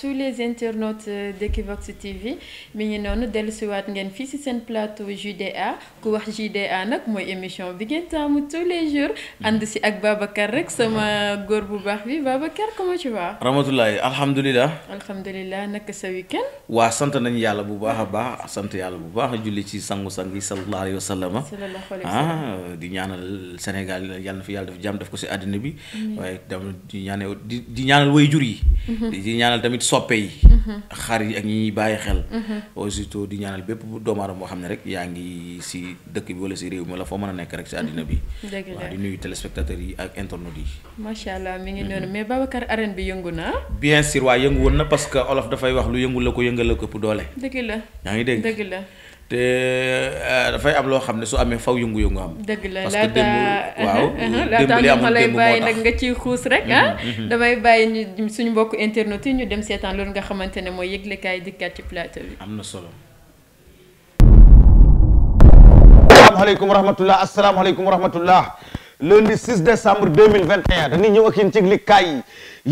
tous les internautes euh, d'Equivox TV mi ngi noonu dellusiwaat ngeen fii si seen plateau JDA ku wax JDA nag mooy émission bi ngeen taamu tous les jours ànd si ak Babacar rek sama góor bu baax bi Babacar comment tu vas. rahmatulahi alhamdulilah. alhamdulilah naka sa week-end. waa sant nañ yàlla bu baax a baax sant yàlla bu baax a julli ci sangu-sang yi sallallahu alayhi wa i ah di ñaanal Sénégal yàlla na fi yàlla def jàmm def ko si àddina bi. waaye di ñaanal di ñaanal yi. Mhm. soppe yi mhm. xar yi ak ñi bàyyi xel mhm. aussitôt di ñaanal bépp doomu aadama xam ne rek yaa ngi si dëkk bi wala si réew mi wala foo mën a nekk rek si àddina bi waaw di nuyu téléspectateurs yi ak internautes yi macha allah mi ngi mhm. noonu mais Babacar arène bi yëngu na bien sûr waaye na parce olof dafay wax lu yëngu la ko yëngal la doole dëgg la yaa ngi dégg te euh, dafay am loo xam ne su amee faw yëngu-yëngu am. dëgg la parce que démb waaw moo lay bàyyi nag nga ciy xuus rek ah. Mm-hmm, mm-hmm. damay bàyyi ñu suñu mbokk internet yi ñu dem seetaan loolu nga xamante ne mooy yëglekaay dikkaat ci plateau bi. am na solo. asalaamaaleykum wa rahmatulah asalaamaaleykum wa rahmatulah. lundi 6 décembre 2021 dañuy ñëw ak yéen ci yëglikaay yi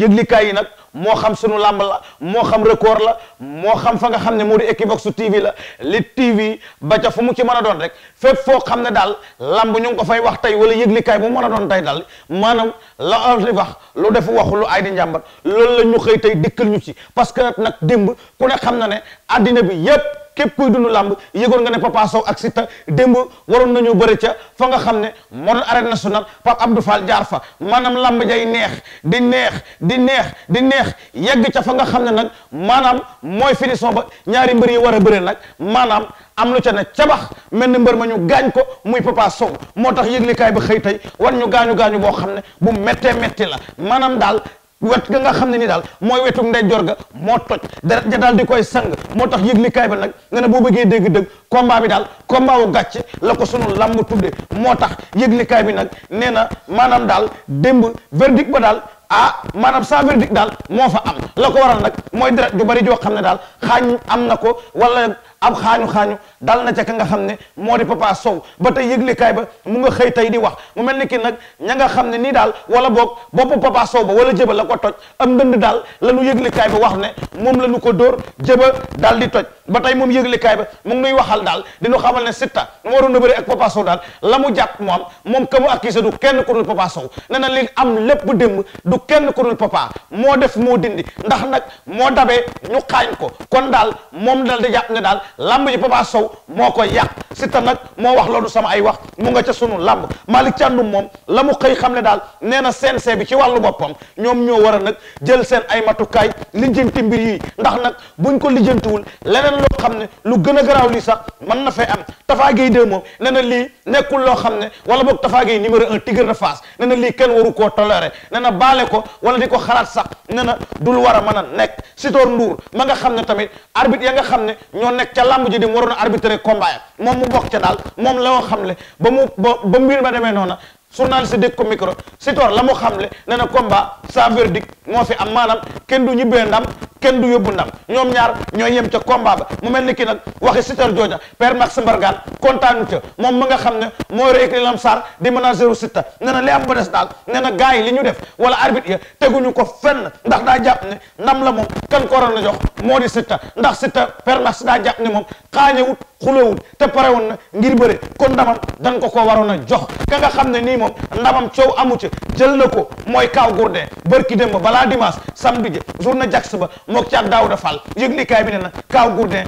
yëglikaay yi nag moo xam sunu làmb la moo xam record la moo xam fa nga xam ne moo di Equivox TV la li TV ba ca fu mu ci mën a doon rek fépp foo xam ne daal làmb ñu ngi ko fay wax tey wala yëglikaay bu mën a doon tey dal maanaam la am li wax lu def waxu lu njàmbat loolu la ñu xëy tey dikkal ñu ci parce que nag démb ku ne xam na ne addina bi yépp képp kuy dund làmb yëgoon nga ne Papa Sow ak Siteu démb waroon nañu bëri ca fa nga xam ne moo doon arène nationale Pape Abdou Fall jaar fa maanaam làmb jay neex di neex di neex di neex yegg ca fa nga xam ne nag maanaam mooy finition ba ñaari mbër yi war a bëri nag maanaam am lu ca ne cabax mel ni mbër ma ñu gaañ ko muy Papa Sow moo tax yëglikaay ba xëy tey wan ñu gaañu gaañu boo xam ne bu méttee métti la maanaam daal wet ga nga xam ne ni daal mooy wetu ndeyjoor ga moo toj dara ja daal di koy sang moo tax yëglikaay ba nag ne boo bëggee dégg-dëgg combat bi daal combat wu gàcce la ko sunu làmb tudde moo tax yëglikaay bi nag nee na maanaam daal démb verdict ba daal ah maanaam sa verdict daal moo fa am la ko waral nag mooy dara ju bari joo xam ne daal xaa am na ko wala am xaañu-xaañu daal na ca ka nga xam ne moo di Papa Sow ba tey yëglekaay ba mu nga xëy tey di wax mu mel ni ki nag ña nga xam ne nii daal wala boog boppu Papa Sow ba wala jëba la ko toj am ndënd daal la nu yëglekaay ba wax ne moom la nu ko dóor jëba daal di toj ba tey moom yëglekaay ba mu ngi nuy waxal daal di nu xamal ne Siteu mu waroon a bëri ak Papa Sow la mu jàpp moom moom ka mu accusé du kenn ku dul Papa Sow na li am lépp démb du kenn ku dul Papa moo def moo dindi ndax nag moo dabee ñu xaañ ko kon daal moom daal di jàpp ne daal lamb ji Papa Sow moo ko yàq Siteu nag moo wax loolu sama ay wax mu nga ca sunu lamb Malick Thiandoum moom la mu xëy xam ne daal nee na CNG bi ci wàllu boppam ñoom ñoo war a nag jël seen ay matukaay li lijjanti mbir yi ndax nag buñ ko lijjantiwul leneen loo xam ne lu gën a garaaw lii sax man na fay am Tafa Gueye 2 moom nee na lii nekkul loo xam ne wala boog Tafa Gueye numéro un tigre de Fass nee na lii kenn waru koo toléré nee na baale ko wala di ko xalaat sax nee na dul war a mën a nekk Sitor Ndour ma nga xam ne tamit arbitre ya xam ne ñoo ca lamb ji di mu waroon a arbitré combat ya moom mu bokk ca daal moom la nga xam ne ba mu ba ba mbir ma demee noona journaliste dégg ko micro Sitor la mu xam ne na combat sans verdict moo fi am maanaam kenn du ñibbee ndam kenn du yóbbu dam ñoom ñaar ñooy yem ca combat ba mu mel ni ki nag waxi Sitor jooja père Max Mbargane kontaanu ca moom ma nga xam ne moo réécrit lam sarr di manager Siteu nee na li am ba des daal na gars yi li ñu def wala arbitre ya teguñu ko fenn ndax daa jàpp ne ndam la moom kan ko waroon a moo di Siteu ndax Siteu père Max daa jàpp ne moom xaañewut xulewul te pare woon na ngir bëre kon ndamam dan ko ko waroon a jox ka nga xam ne nii moom ndamam coow amu ci jël na ko mooy kaaw gourdin bërki démb bala balaa dimanche samedi ji journée jax ba mook caat Daouda Fall yëglikaay bi ne na Kaw Gourdin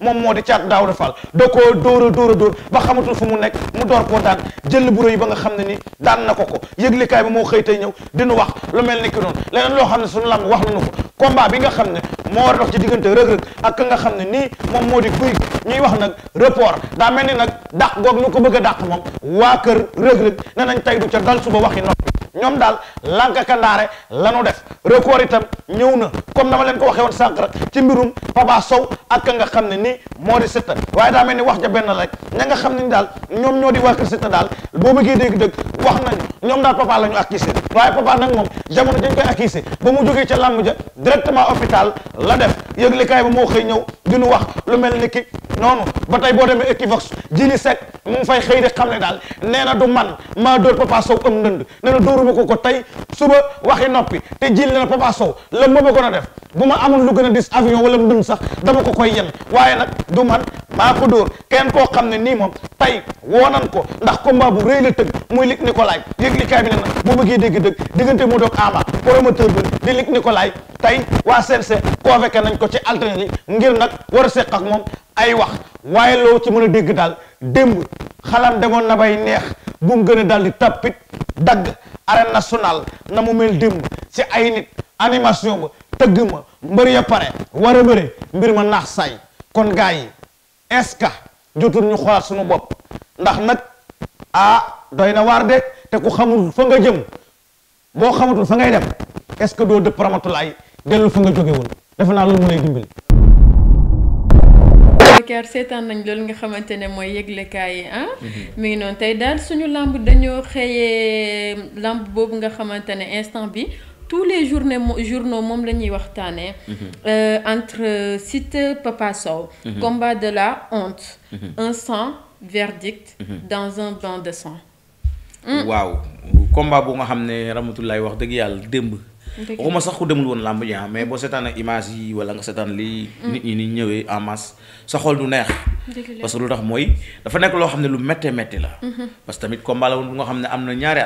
moo caat Daouda da a dóor a dóor ba xamatul fu mu nekk mu door koo daan jël bu rëy ba nga xam ne na ko ko yëglikaay bi moo xëy tey ñëw dinu wax lu mel ni ki noonu leneen loo xam ne suñu lamb wax bi nga xam ne moo war a dox ci diggante rëg-rëg ak ka nga xam ne nii moom moo di guy ñuy wax nag report daa mel ni nag dàq goog ñu ko bëgg a dàq moom waa kër rëg-rëg ne nañ tey du ca dal suba waxi noppi ñoom daal lànk kandaare lanu def record itam ñëw na comme dama leen ko waxee woon sànq rek ci mbirum Papa Sow ak ka nga xam ne nii moo di Siteu waaye daa mel ni wax ja benn rek ña nga xam ne ni daal ñoom ñoo di waa kër daal boo bëggee dégg-dégg wax nañu ñoom daal Papa la ñu accusé waaye Papa nag moom jamono dañ koy accusé ba mu jógee ca làmb ja directement hôpital la def yëgle kaay ba mu moo xëy ñëw di nu wax lu mel ni ki noonu ba tey boo demee Equivox Jili Seck mu ngi fay xëy di xam ne daal nee na du man maa dóor Papa Sow am ndënd nee na dóoruma ko ko tey suba waxi noppi te Jili na Papa Sow la ma bëggoon a def bu ma amoon lu gën a dis avion wala ndënd sax dama ko koy yen waaye nag du man maa ko dóor kenn koo xam ne nii moom tey woonan ko ndax combat bu rëy la tëgg muy Luc Nicolaï yëglikaay bi ne nag boo bëggee dégg-dëgg diggante moo doog Ama promoteur bi di Luc Nicolaï tey waa CNC convoqué nañ ko ci altine ngir nag war a seq ak moom ay wax waaye loo ci mën a dégg daal démb xalaat demoon na bay neex bu mu gën a daal di tappit dagg arène nationale na mu mel démb ci ay nit animation ba tëgg ma mbër ya pare war a bëre mbir ma naax saay kon gars yi est ñu xoolaat suñu bopp ndax nag ah doy na waar de te ku xamul fa nga jëm boo xamatul fa ngay dem est-ce que doo dëpp ramatulaay dellu fa nga jógewul woon naa loolu mu lay dimbali Babacar seetaan nañ loolu nga xamante ne mooy yëglekaay yi ah. Mhm. mi ngi noonu tey daal suñu lamb dañoo xëyee làmb boobu nga xamante ne instant bi tous les journées moom la ñuy waxtaanee. Mhm. Euh, entre euh, Siteu Papa Sow. Mhm. combat de la honte. un sang verdict. dans un bain de sang. waaw combat bu nga xam ne Ramatoulaye wax dëgg yàlla démb. waxuma sax ku demul woon làmb ji ah, mais boo seetaan image yi wala nga seetaan li mm. nit ñi ni ñëwee en masse sa xool du neex parce que tax mooy dafa nekk loo xam ne lu métte métti la mm-hmm. parce que tamit combat la woon bu nga xam ne am na ñaari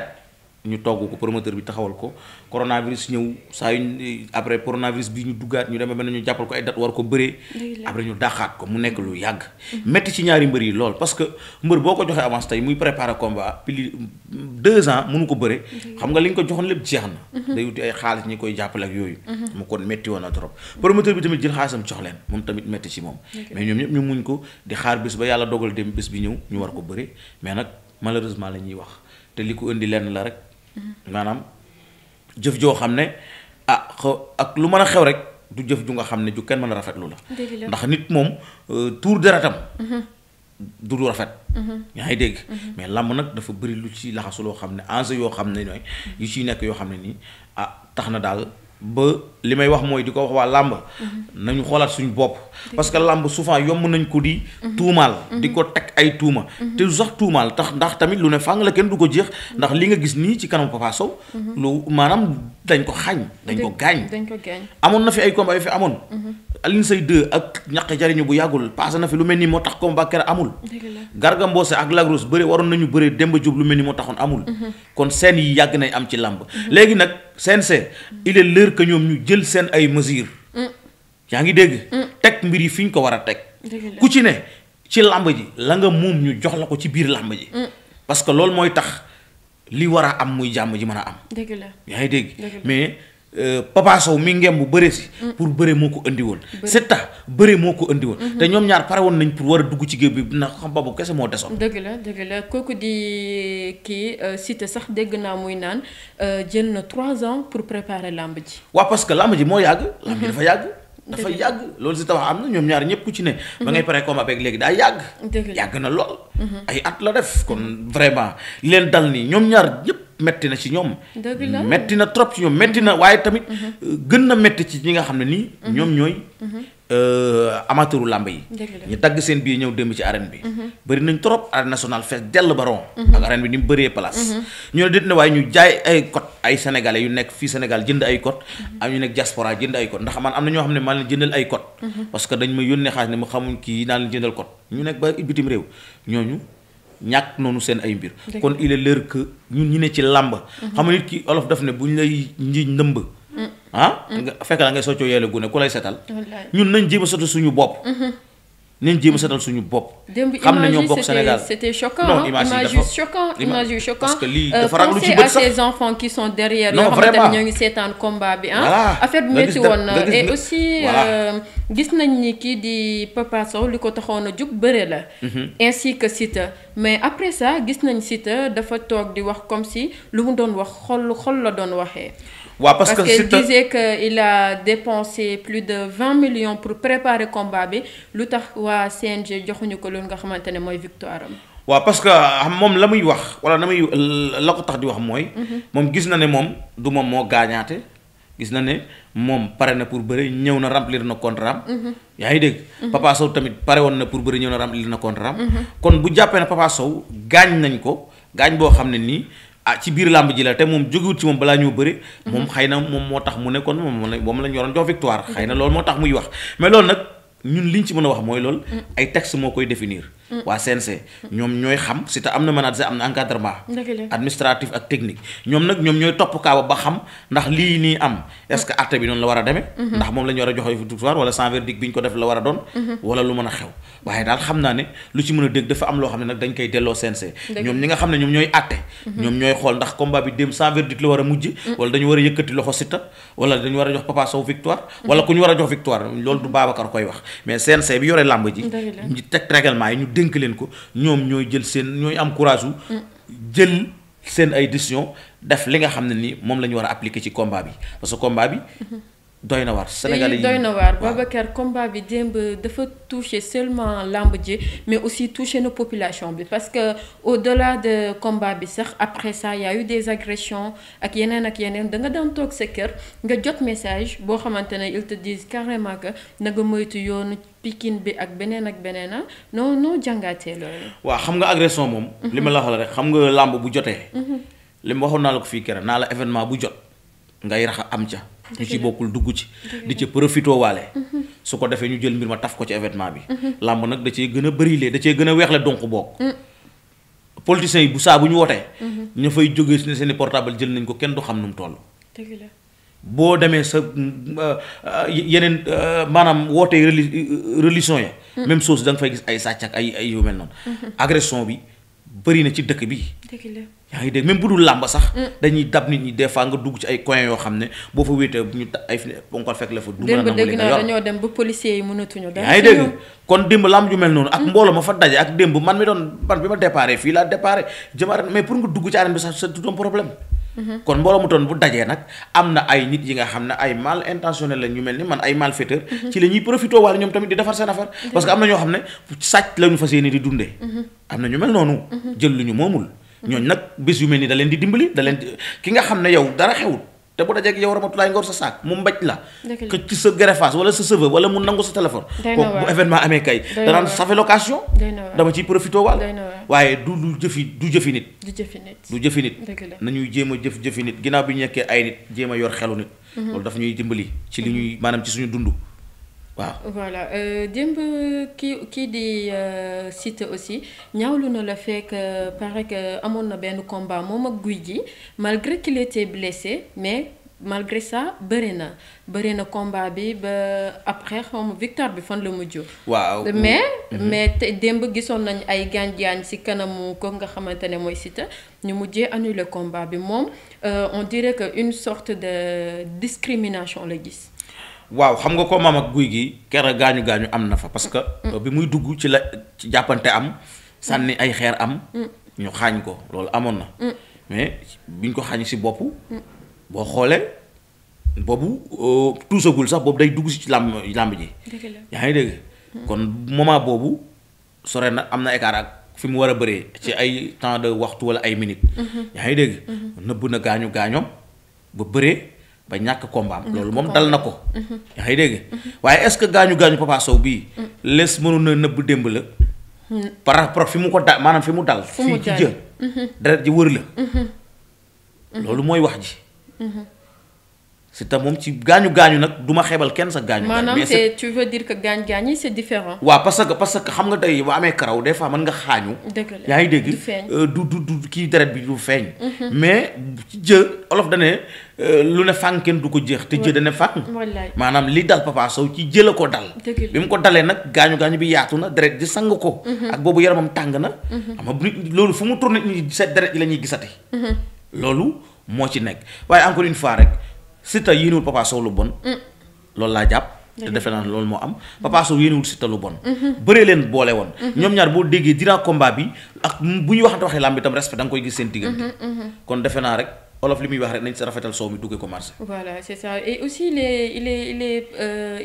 ñu togg ko promoteur bi taxawal ko coronavirus ñëw saa yu après coronavirus bi ñu duggaat ñu demee ba ñu jàppal ko ay date war ko bëree. après ñu dàqaat ko mu nekk lu yàgg. métti mhm. ci ñaari mbër yi lool parce que mbër boo ko joxee avance tey muy préparé combat plus deux ans mënu ko bëre. xam nga li nga ko joxoon lépp jeex na. Mhm. day wuti ay xaalis ñi koy jàppale ak yooyu. Mhm. mu kon métti woon na trop promoteur bi tamit jël xaalisam jox leen moom tamit métti la ñuy wax te maanaam jëf joo xam ne ah ak lu mën a xew rek du jëf ju nga xam ne ju kenn mën a rafetlu la. ndax nit moom euh, tuur deretam mhm. du du rafet. Mhm. yaa ngi dégg. Mhm. mais làmb nag dafa bëri lu ci laxasuloo xam ne enjeu yoo xam ne ñooy yu ciy nekk yoo xam ne nii ah tax na daal. ba li may wax mooy di ko wax waa làmb mhm. nañu xoolaat suñu bopp parce que làmb souvent yomb nañ ko di mhm. tuumaal mhm. di ko teg ay tuuma te sax tuumaal tax ndax tamit lu ne fàng la kenn du ko jeex ndax li nga gis nii ci kanam Papa Sow lu maanaam dañ ko xañ dañ ko gaañ amoon na fi ay combat yu fi amoon Alioune Seye 2 ak ñaq jariñu bu yàggul passé na fi lu mel nii moo tax combat kere amul. Garga Mbossé ak Lac Rose bëri waroon nañu bëri Demba jub lu mel ni moo taxoon amul. Mhm. kon seen yi yàgg nay am ci làmb. Mhm. léegi nag seen il est l'heure que ñoom ñu jël seen ay mesures. Mm. yaa ngi dégg. Mm. teg mbir yi fi ñu ko war a teg. ku ci ne ci làmb ji la nga moom ñu jox la ko ci biir làmb ji. Mm. parce que loolu mooy tax li war a am muy jàmm ji mën a am. yaa ngi dégg mais. Euh, Papa Sow mi ngem bu bëre si. Mm. pour bëre moo ko andi woon. Siteu bëre moo ko andi woon. Mm-hmm. te ñoom ñaar pare woon nañ pour war a dugg ci géej bi ndax xam boobu kese moo desoon. dëgg la dëgg la kooku di eh, kii euh, Siteu sax dégg naa muy naan euh, jël na trois ans pour préparer lamb ji. waaw parce que ji moo yàgg. lamb ji mm-hmm. dafa yàgg. dafa yàgg loolu Siteu wax am na ñoom ñaar ñëpp ku ci ne. ba ngay mm-hmm. pare combat beeg léegi daa yàgg. yàgg na lool. ay at la def kon vraiment leen metti na ci ñoom. metti na trop ci ñoom metti na waaye tamit. gën na metti ci ñi nga xam ne nii. ñoom ñooy. Euh, amateuru làmb yi. ñu dagg seen bii ñëw démb ci arène bi. Mhm. bëri nañ trop arène nationale fees dell baron. Mhm. ak arène bi ni mu bëree place. Mhm. ñu ne déet na waaye ñu jaay ay cote ay sénégalais yu nekk fii Sénégal jënd ay cote. am ñu nekk diaspora jënd ay cote ndax man am na ñoo xam ne man leen jëndal ay cote. parce que dañ ma yónnee xaalis ne ma xamuñ kii naa leen jëndal ñu nekk ba bitim réew ñàkk noonu seen ay mbir kon il est l'heure que ñu ne ci làmb mhm. xam nga nit ki olof daf ne bu ñu lay nji ndëmb mm. ah mm. fekk la ngay soccoo yeele gune ku lay setal ñun nañ jéem a soto suñu bopp mhm. nañ jéem a setal suñu bopp. xam ne ñoo bokk Sénégal c'était choquant non image yu choquant image yu choquant parce que lii euh, dafa raglu ci bët sax ces enfants qui sont derrière. non vraiment ñoo ngi seetaan combat bi ah. affaire bi métti woon na et aussi euh, gis nañ ni kii di Papa li ko taxoon a jug bëre la. Mhm. ainsi que Siteu mais après sax gis nañ Siteu dafa toog di wax comme si lu mu doon wax xol xol la doon waxee. waaw ouais, parce, que il disait que il a dépensé plus de vingt millions pour préparer combat bi lu tax waa CNG joxuñu ko loolu nga xamante ne mooy victoire am. waaw parce que ah, moom la muy wax wala na muy la ko tax di wax mooy. Mhm. moom gis na ne moom du moom moo gaañaate gis na ne moom pare na pour bëri ñëw na remplir na contrat mhm. yaa ngi dégg. Mhm. Papa Sow tamit pare woon na pour bëri ñëw na remplir na contrat am. kon bu jàppee na Papa Sow gaañ nañ ko gaañ boo xam ne nii. ah ci biir làmb ji la te moom jógewut ci moom balaa ñoo bëri moom mhm. xëy na moom moo tax mu ne kon moom moom la ñu waroon jox victoire xëy na lool moo tax muy wax mais loolu nag ñun ñu ci mën a wax mooy loolu mhm. ay texte moo koy définir Mm. waa CNC. ñoom ñooy xam si te am na manager am na encadrement. administratif ak technique ñoom nag ñoom ñooy topp kaaba ba xam ndax lii nii am est ce que bi noonu la war a demee. Mm-hmm. ndax moom la war a joxe fi tuuti a doon. Mm-hmm. loo xam ne ne ñoom ñooy acte. Mm-hmm. ñoom ñooy xool ndax a mujj. wala dañu war a yëkkati loxo Siteu wala dañu war a jox Papa Sow victoire. wala ku ñu war a jox victoire loolu du Babacar koy wax mais CNC bi yore làmb ji teg règlement yi dénk leen ko ñoom ñooy jël seen ñooy am courage wu jël seen ay décision def li nga xam ne ni moom la ñu war a appliquer ci combat bi parce que bi doy na waar Sénégal yi doy na waar Babacar combat bi démb dafa touché seulement lamb ji mais aussi touché na population bi parce que au delà de combat bi sax après ça y des agressions ak yeneen ak yeneen da nga daan toog sa kër nga jot message boo xamante ne ils te disent carrément que na nga moytu yoonu Pikine bi ak beneen ak beneen ah noo non jàngatee loolu. waaw xam nga agression moom. Mhm. li ma la wax rek xam nga lamb bu jotee. Mhm. li ma waxoon naa la ko fii keroog naa la événement bu jot ngay rax am ca. ñu ci bokkul dugg ci di ci profité waale su ko defee ñu jël mbir ma taf ko ci événement bi làmb nag da cee gën a bërile da cee gën a weexle donc bokk politiciens yi bu saabu ñu wootee ñu fay jógee si seeni portable jël nañ ko kenn du xam nu mu toll boo demee sa yeneen maanaam wootee religion ya même chose da nga fay gis ay sàcc ak ay ay yu mel noonu agression bi bëri na ci dëkk bi. yaa ngi dégg même bu dul làmb sax. Mm. dañuy dab nit ñi des fois nga dugg ci ay coin yoo xam ne boo fa wéetee bu ñu ay ponkal fekk la fa. du mën a naa dañoo dem ba policiers yi mënatuñu. yaa dégg kon démb làmb ju mel noonu. ak mm. mbooloo ma fa daje ak démb man mi doon man bi ma déparé fii laa déparé jëmaare mais pour nga dugg ci arène bi sax sa tout un problème. Mhm. kon mbooloo mu toon bu dajee nag am na ay nit yi nga xam ne ay mal intentionnel la ñu mel ni man ay malfaiteur mhm. ci la ñuy profité wala ñoom tamit di defar seen affaire parce que am na ñoo xam ne sàcc la ñu fas di dundee mhm. am na ñu mel noonu jël lu ñu moomul ñooñ nag bés yu mel ni daleen di dimbali da leen ki nga xam ne yow dara xewul te bu dajee ak yow ramatulaay nga war sa saak mu mbaj la que ci sa greffage wala sa cheveux wala mu nangu sa téléphone kooku bu événement amee kay danaan ça fait location dama ciy profité wàll waaye du du jëfi du jëfi nit du jëfi nit nañuy jéem a jëf jëfi nit ginnaaw bi ñu nekkee ay nit jéem a yor xelu nit mhm. loolu dafa ñuy dimbali ci li ñuy maanaam ci suñu dundu waaw voilà euh, démb kii kii di euh, site aussi ñaawlu na la fekk euh, pare que amoon na benn combat moom ak guy gi malgré qu'il était blessé mais malgré ça bëri na bëri na combat bi ba après xaw victoire bi fan la mujj. waaw mais mm-hmm. mais te démb gisoon nañ ay gaañ-gaañ ci kanamu ko nga xamante ne mooy site ñu mujjee annulé combat bi moom on dirait que une sorte de discrimination la gis. waaw xam nga ko maam ak guy gi kera gaañu gaañu am na fa parce que. Mm. bi muy dugg ci la ci jàppante am. Mm. sànni ay xeer am. Mm. ñu xaañ ko loolu amoon na. mais biñ ko xaañ si bopp. boo xoolee boobu euh, tuusagul sax boobu day dugg si ci làmb làmb ji. yaa ngi dégg. kon moment boobu sore na am na écart ak fi mu war a bëree ci ay temps de waxtu wala ay minutes. Mm-hmm. yaa ngi dégg. Mm-hmm. nëbb na gaañu gaañoom ba bëree. ba ñàkk combat am loolu moom dal na ko mhm. yaa dégg waaye est-ce que gaañu gaañu Papa Sow bii mhm. lees mënoon na nëbb démb la mhm. par rapport fi mu ko dal maanaam fi mu dal fii ci jë deret ji wër la loolu mooy wax ji Siteu moom ci gaañu gaañu nag du ma xeebal kenn sa gaañu. maanaam c'est tu veux dire que gaañ gaañ yi c'est différent. waaw parce que parce que xam nga tey boo amee karaw des fois mën nga xaañu. dëgg euh, du du du kii deret bi du feeñ. Mhm. mais ci jë olof da ne euh, lu ne fang kenn du ko jeex. te jë da ne fang. maanaam li dal Papa Sow ci jëla ko dal. bi mu ko dalee nag gaañu gaañu bi yaatu na deret di sang ko. Mhm. ak boobu yaramam tàng na. xam mhm. nga loolu fu mu tourné nii set deret yi la ñuy gisati. loolu moo ci nekk waaye encore fois rek. Siteu yéenewul Papa Sow lu bon. Mm. loolu laa jàpp. te defe naa loolu moo am Papa Sow yéenewul Siteu lu bon. Mm-hmm. bëree leen boole woon. Mm-hmm. ñoom ñaar boo déggee dina combat bi ak bu ñuy waxante waxee làmb bi respect da nga koy gis seen diggante. Mm-hmm, kon defe naa rek. olof li muy wax rek nañ sa rafetal soow mi duggee ko marché. voilà c'est ça et aussi il est il est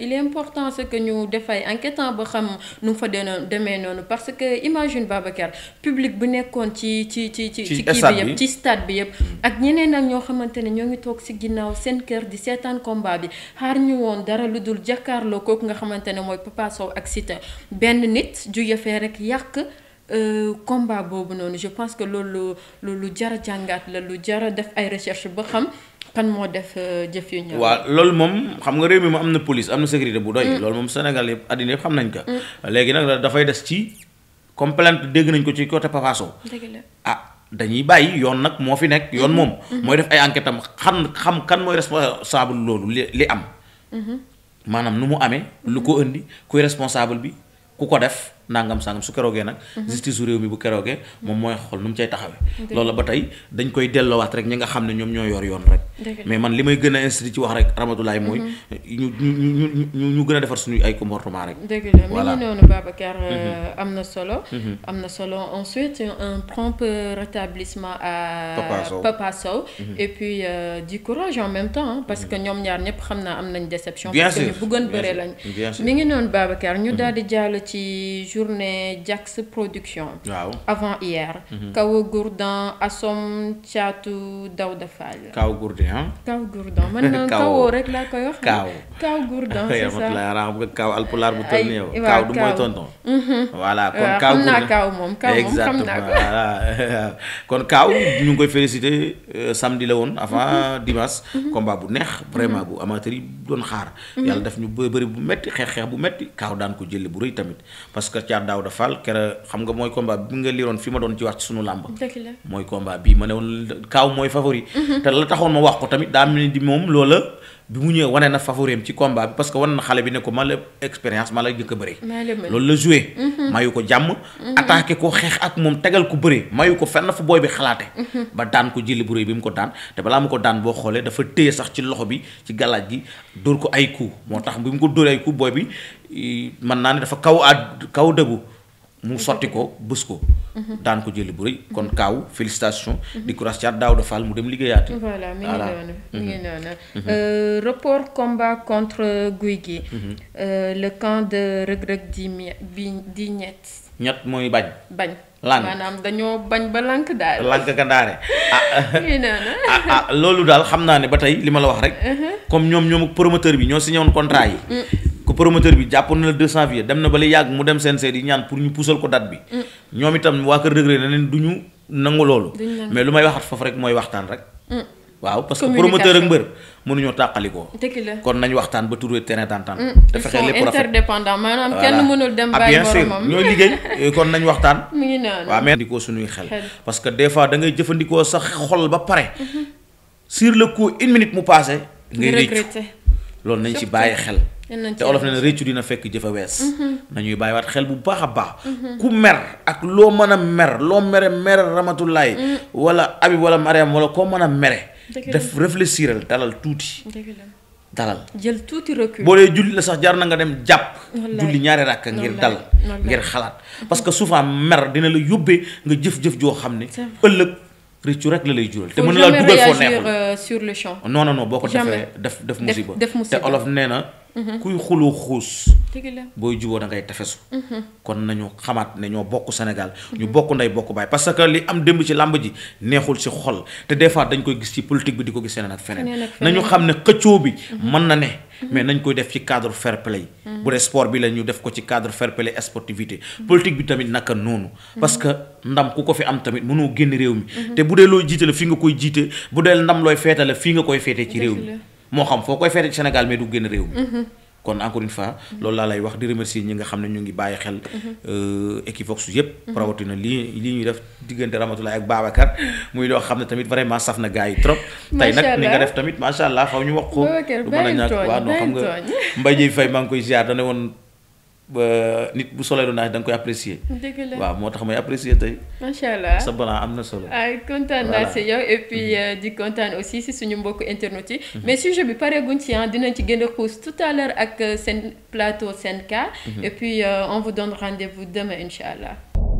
il est euh, important ce que ñu defay enquêtant ba xam nu mu fa demee noonu parce que imagine Babacar public bu nekkoon ci ci ci ci. ci kii bi yëpp ci stade bi yëpp. Mm. ak ñeneen ak ñoo xamante ne ñoo ngi toog si ginnaaw seen kër di seetaan combat bi xaar ñu woon dara lu dul jàkkaarloo kooku nga xamante ne mooy Papa Sow ak Siteu benn nit ju yëfee rek yàq. Euh, combat boobu noonu je pense que loolu loolu lu jar a jàngaat la lu jar a def ay recherche ba xam kan moo def euh, jëf yu ñëw. waaw loolu moom xam nga réew mi mu am na police am na sécurité bu doy. Mm. loolu moom Sénégal yëpp àddina yëpp xam nañ ko. Mm. léegi nag dafay des ci comme plainte dégg nañ ko ci côté Papa ah dañuy bàyyi yoon nag moo fi nekk yoon moom. Mm-hmm. Mm-hmm. mooy def ay enquête am xam xam kan mooy responsable loolu li li am. Mm-hmm. maanaam nu mu amee. lu ko indi kuy responsable bi ku ko def. nangam sangam su keroogee nag mhm. justice réew mi bu keroogee moom mooy xool nu mu cay taxawee loolu ba tey dañ koy delloowaat rek ñi nga xam ne ñoom ñoo yor yoon rek mais man li may gën a insisté ci wax rek ramatulaay mooy mhm. a ngi noonu Babacar euh, mhm. am na solo am na solo ñu bëggoon jàll ci journée Jax production. waaw avant hier. Mhm. Kawo Gourdin Assom Thiatou Daouda Fall. Kawo Gourdin ah. Kawo Gourdin man Kawo rek laa koy wax. Kawo Kawo Gourdin c'est ça xam nga bu toll nii yow. Kawo du mooy tonton. Mhm. voilà kon euh, kaw Gourdin xam ko. exactement kon Kawo ñu ngi koy féliciter euh, samedi la woon avant mhm. dimanche. combat bu neex vraiment bu amateur doon xaar. yàlla daf ñu bëri bu metti xeex xeex bu metti Kawo daan ko jëlee bu rëy tamit parce Caat Daawda Fall kera xam nga mooy combat bi nga liroon fi ma ne woon kaaw mooy favori mhm. te la taxoon ma wax ko tamit daa mel ni di moom ko ma ma la a bëri loolu la joué mhm. mayu ko jàmm mhm. attaqué ko xeex ak moom tegal ko bëri mayu ko fenn fu booy bi xalaate ba daan ko jëli bu rëy bi mu ko daan te balaa mu ko daan boo xoolee dafa téye sax ci loxo bi ci galaaj gi dóor ko ay coup moo tax bi mu ko dóor ay coup booy bi man naa ne dafa kaw àdd kaw dëggu mu sotti ko bus ko. daan ko jëli bu rëy kon kaaw félicitation. Mhm. di courage ci daaw de Fall mu dem liggéeyaati. voilà mi ngi noonu mi ngi mhm. noonu. Mhm. Euh, report combat contre guy gi. Euh, le camp de regret di bi di ñett. ñett mooy bañ. bañ lànk maanaam dañoo bañ ba lànk daare. lànk ka ah. loolu daal xam naa ne ba tey li ma la wax rek. Uh-huh. comme ñoom ñoom promoteur bi ñoo signé woon contrat yi. Mm. promoteur bi jàpp na la 2 janvier dem na ba la yàgg mu dem seen seet yi ñaan pour ñu puusal ko date bi. ñoom itam waa Kër Reug Reug ne leen du ñu nangu loolu. mais lu may waxat foofu rek mooy waxtaan rek. Mm. waaw parce que promoteur ak mbër mënuñoo tàqalikoo kon nañ waxtaan ba trouver terrain d'entente mm. te fexe lépp rafet interdépendant maanaam kenn mënul dem ah, bàyyi moromam bien sûr ñooy liggéey kon nañ waxtaan mu ngi noonu waaw mais suñuy xel parce que des fois da ngay jëfandikoo sax xol ba pare mm-hmm. sur le coup une mu passé loolu nañ ci bàyyi xel te olof ne na réccu dina fekk jëf a wees mhm. nañuy bàyyiwaat xel bu baax a baax mhm. ku mer ak loo mën a mer loo mere mere ramatulaay mm. wala abib wala mariam wala koo mën a mere def réfléchiral dalal tuuti dalal jël tuuti recul boo dee julli la sax jar na nga dem jàpp julli ñaari ràkk ngir dal ngir xalaat parce que souvent mer dina la yóbbee nga jëf-jëf joo xam ne ëllëg rëccu rek la lay jural. te mën na laa dugal foo neexul euh, sur le champ. non non non boo ko defee def def musiba te olof nee na. Mhm. kuy xuloo xuus. booy juboo da ngay tefesu. Mhm. kon nañu xamaat ne ñoo bokk Sénégal. Mhm. ñu bokk ndey bokk baay parce que li am démb ci làmb ji neexul ci xol te des fois dañ koy gis ci politique bi di ko gis feneen ak feneen. nañu xam ne xëccoo bi mën na ne. mais nañ koy def ci cadre fair play mm-hmm. bu dee sport bi la ñu def ko ci cadre fair play sportivité politique bi tamit naka noonu mm-hmm. parce que ndam ku ko fi am tamit mënoo génn réew mi mm-hmm. te bu dee loo jiite la fii nga koy jiite bu dee ndam looy feete fii nga koy feete ci réew mi moo xam foo koy feete ci Sénégal mais du génn réew mi kon encore une fois loolu laa lay wax di remercier ñi nga xam ne ñu ngi bàyyi xel euh, Equivox yëpp mhm. rawatina li li ñuy def diggante Ramatoulaye ak Babacar muy loo xam ne tamit vraiment saf na gaa yi trop tey nag ni nga def tamit macha allah xaw ñu wax ko du mën a ñàkk waaw non xam nga Mbaye Dieye Faye maa ngi koy ziar dana woon nit bu solee lu naaj da nga koy apprécier. moo tax may apprécier tey. macha allah sa balaa am na solo. ay kontaan naa si yow et puis mhm. euh, di kontaan aussi si suñu mbokk internet yi. Mhm. mais sujet bi pareeguñ ci ah dinañ ci gën a xuus tout à l'heure ak euh, seen plateau seen Cas. Mhm. et puis euh, on vous donne rendez-vous demain incha allah.